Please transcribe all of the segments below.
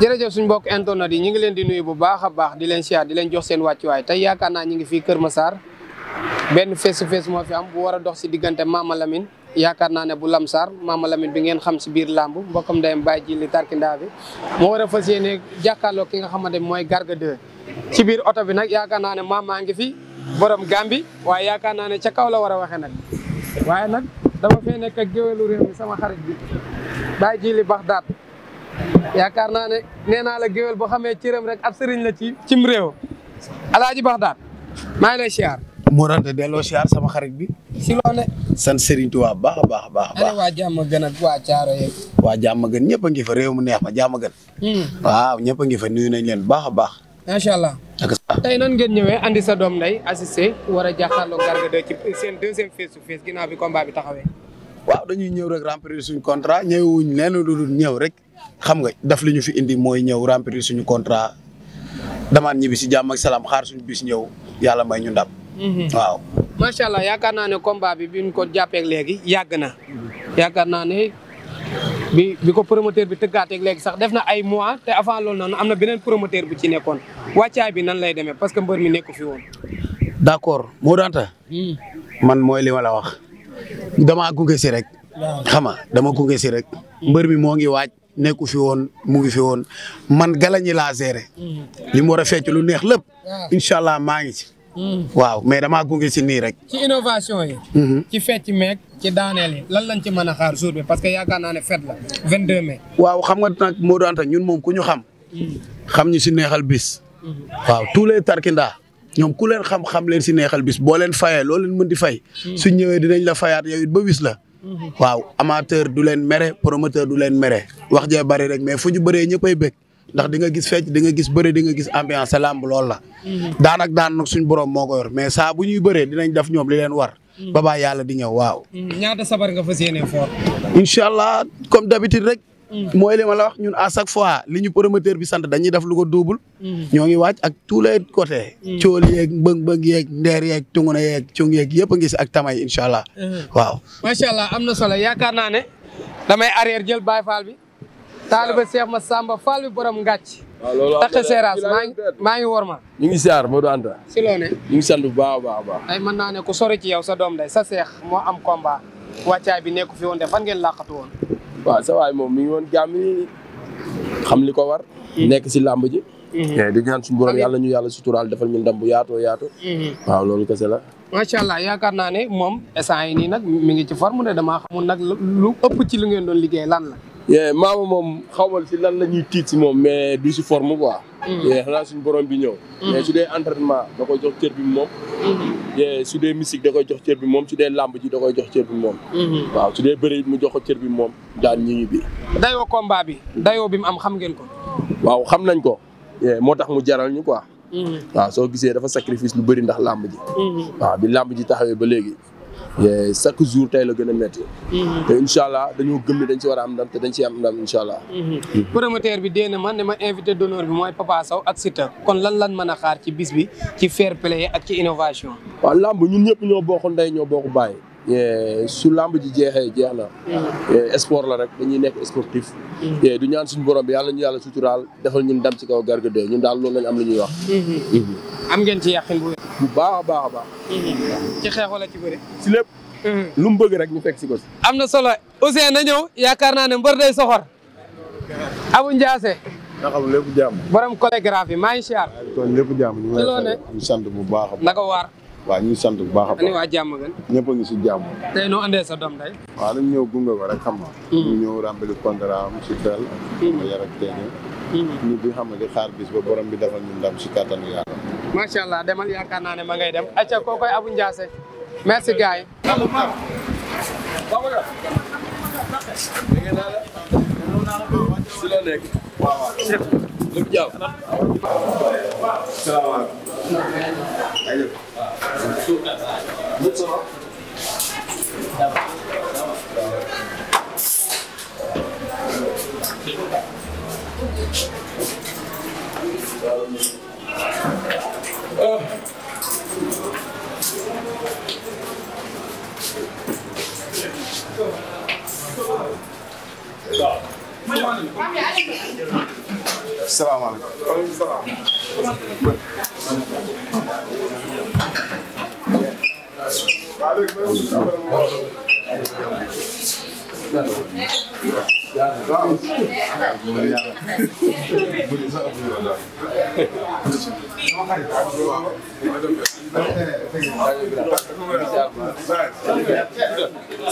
jërëjëf suñ mbokk internet yi ñu ngi leen di nuyu bu baax a baax di leen siyaar di leen jox seen wàccuwaay tey yaakaar naa ñu ngi fii Kër Massar benn face to face moo fi am bu war a dox si diggante Mama Lamine yaakaar naa ne bu Lamsar Mama Lamine bi ngeen xam si biir làmb mbokkam ndeyam bàyyi ji li tarkindaa bi moo war a fas yéene jàkkaarloo ki nga xamante ne mooy Garga 2 ci biir oto bi nag yaakaar naa ne maam mamaa ngi fi borom Gambi waaye yaakaar naa ne ca kaw la war a waxee nag waaye nag dama fee sama xarit bi bàyyi ji baax daat yaakaar naa ne nee naa la géwél boo xamee cëram rek ab sëriñ la ci cim réew alaaji Baxdaat maa ngi lay siyaar moo rante delloo siyaar sama xarit bi si loo ne san sëriñ Tuubaa baax baax a baax a baax waa jàmm gën ak waa caaro waa jàmm gën ñëpp a ngi fa réew mu neex ma jàmm gën hmm. waaw ñëpp a ngi fa nuyu nañ leen baax a baax macha allah tey nan ngeen ñëwee andi sa doom nday assisté war a jàkkaarloo Garga 2 ci seen deuxième face to face ginnaaw bi combat bi taxawee waaw dañuy ñëw rek remplir suñu contrat ñëwuñ leen lu dul ñëw rek xam nga daf li ñu fi indi mooy ñëw remplir suñu contrat damaan ñibbi si jàmm salaam xaar suñu bis ñëw yàlla may ñu ndam. Mhm. waaw. macha allah yaakaar naa ne combat bi bi ñu ko jàppee léegi yàgg na. yaakaar naa ne bi bi ko promoteur bi tëggaateeg léegi sax def na ay mois te avant loolu noonu am na beneen promoteur bu ci nekkoon wàccaay bi nan lay demee parce que mbër mi nekku fi woon. d'accord moo daanta hmm. man mooy li ma la wax. damaa gunge si rek. xam nga dama gunge rek. mbër mi moo ngi waaj nekku fi woon mu ngi fi woon man galañi laa gérer. Mm. li mu war a fecc lu neex lépp. incha allah maa ngi ci. Mm. waaw mais damaa gunge si nii rek. ci innovation yi. Mm-hmm. ci fecci meeg ci daaneel yi lan lañ ci mën a xaar jour bi parce que yaakaar naa ne fête la 22 mai. waaw xam nga nag Modou Anta ñun moom ku ñu xam. Mm. xam ñu si neexal bis. Mm-hmm. waaw tous les tarkinda ñoom ku leen xam-xam leen si neexal bis boo leen fayee loo leen mën fay. Hmm. suñ ñëwee dinañ la fayaat yow it ba wis la. Hmm. waaw amateur du leen mere promoteur du mere. wax jee bari rek mais fu ñu bëree ñëppay bëgg ndax di nga gis fecc di nga gis bëre di nga gis ambiance lamb la. Hmm. daan ak daan suñ borom moo ko yor mais saa bu ñuy bëree dinañ def ñoom li leen war. ba yala yàlla di ñëw waaw. ñaata sabar nga fas yéenee fort. incha allah rek. mooy li ma la wax ñun à chaque fois li ñu promoteur bi sant dañuy def lu ko double. Mm-hmm. ñoo ngi wàcc ak tous les côtés. Mm-hmm. cool yeeg mbëng-mbëng yeeg ndeer yeeg tunguna yeeg cung yeeg yëpp a ngi si ak tamay incha allah. Mm-hmm. waaw macha allah am na solo yaakaar naa ne damay arrière jël Baye faal bi. taaliba Cheikh Massamba Fall bi borom ngàcc. waaw loolu am seeraas maa ngi maa ma. ñu ngi siyaar moo Anta. si loo ne. ñu ngi sant bu baax a baax mën naa ne ku sori ci yow sa doom sa seex moo am combat wàccaay bi nekk fi woon de fan ngeen làqatu woon. waaw sa waay moom mi ngi woon jàmmi xam li ko war. Mm-hmm. nekk si làmb ji. Mm-hmm. di ñaan suñu borom yàlla ñu yàlla suturaal defal ñu ndam bu yaatoo yaatu. Mm-hmm. waaw loolu kese la. macha allah yaakaar naa ne moom essant yi nii nag mi ngi ci forme de damaa xamul nag lu ëpp ci li ngeen doon liggéey lan la. maama moom xaw ma si lan la ñuy tiit si moom mais du si forme quoi. Mm. yee xanaa suñu borom bi ñëw mais mm. su dee entraînement da koy jox cër bi moom mm-hmm. su dee musique da koy jox cër bi moom su dee làmb ji da koy jox cër bi moom mm-hmm. waaw su dee bëri mu jox ko cër bi moom daan ñi ngi bi dayoo combat bi dayoo bi mu am xam ngeen ko waaw xam nañ ko moo tax mu jaral ñu ko mm-hmm. waaw soo gisee dafa sacrifice lu bëri ndax làmb ji waaw bi làmb ji taxawee ba léegi chaque jour tey la gën a métti. Mm-hmm. te incha dañoo gëm dañ ci war a am ndam te dañ ci am ndam incha allah. Mm-hmm. bi dee na ma ne ma invité d'honneur bi mooy Papa Sow ak Siteu kon lan lan man a xaar ci bis bi ci fair play ak ci innovation. waaw làmb ñun ñëpp ñoo bokk ndey ñoo bokk bàyyi. Eh, su làmb ji jeexee jeex na. Mm. Eh, sport la rek ñuy nekk sportif. Mm. Eh, du ñaan suñu borom bi yàlla ñu yàlla suturaal defal ñun dam ci kaw Garga 2 ñun daal loolu lañ am lu ñuy wax. Mm-hmm. Mm-hmm. am ngeen ci yàqin bu bu baax a baax a baax. Mm-hmm. ci xeex wala ci bëre. si lépp. lu mu bëgg rek ñu fekk si ko si. am na solo Ousseyn na ñëw yaakaar naa ne mbër day soxor. Abou njaase na xam lépp jàmm. borom chorégraphie maa ngi siyaar. kon lépp jàmm ñu sant bu baax a baax naka waaw ñu ngi sant bu baax a baax. waa jàmm gën. ñëpp a ngi si jàmm. tey noo andee sa doom day. waaw dañu ñëw gunge ko rek xam nga. Hmm. ñu ñëw ràmbali contrat am si teel. ma hmm. yar ak teel ñu hmm. bi xam nga di xaar bis ba borom bi defal ñu ndam si kattanu yàlla. macha allah demal yaakaar naa ne ma ngay dem acca koo koy Abou Ndiassé merci Waaw. salaamaaleykum. waaleykum salaam. waaw.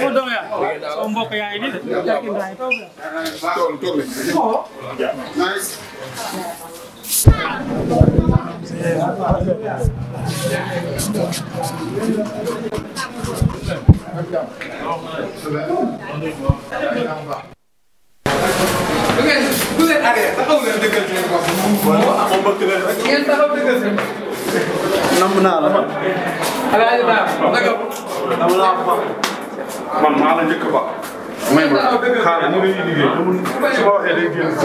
soo doom yaa soo mbokk yaa ngi nii de jarkin daa ngi taw bi bu ngeen bu ngeen arrêté taxaw leen dëggal seen bopp moom bëgg leen rek ngeen taxaw dëggal seen bopp namb naa la Alaaji Ba naka nam naa ko man maa la njëkk ba. may ma xaaral ñu ngi liggéey su ma waxee day génn kaw.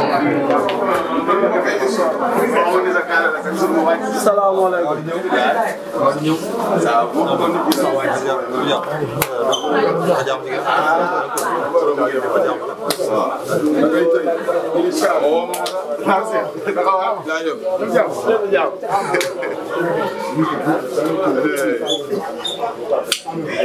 salaamaaleykum. waaw.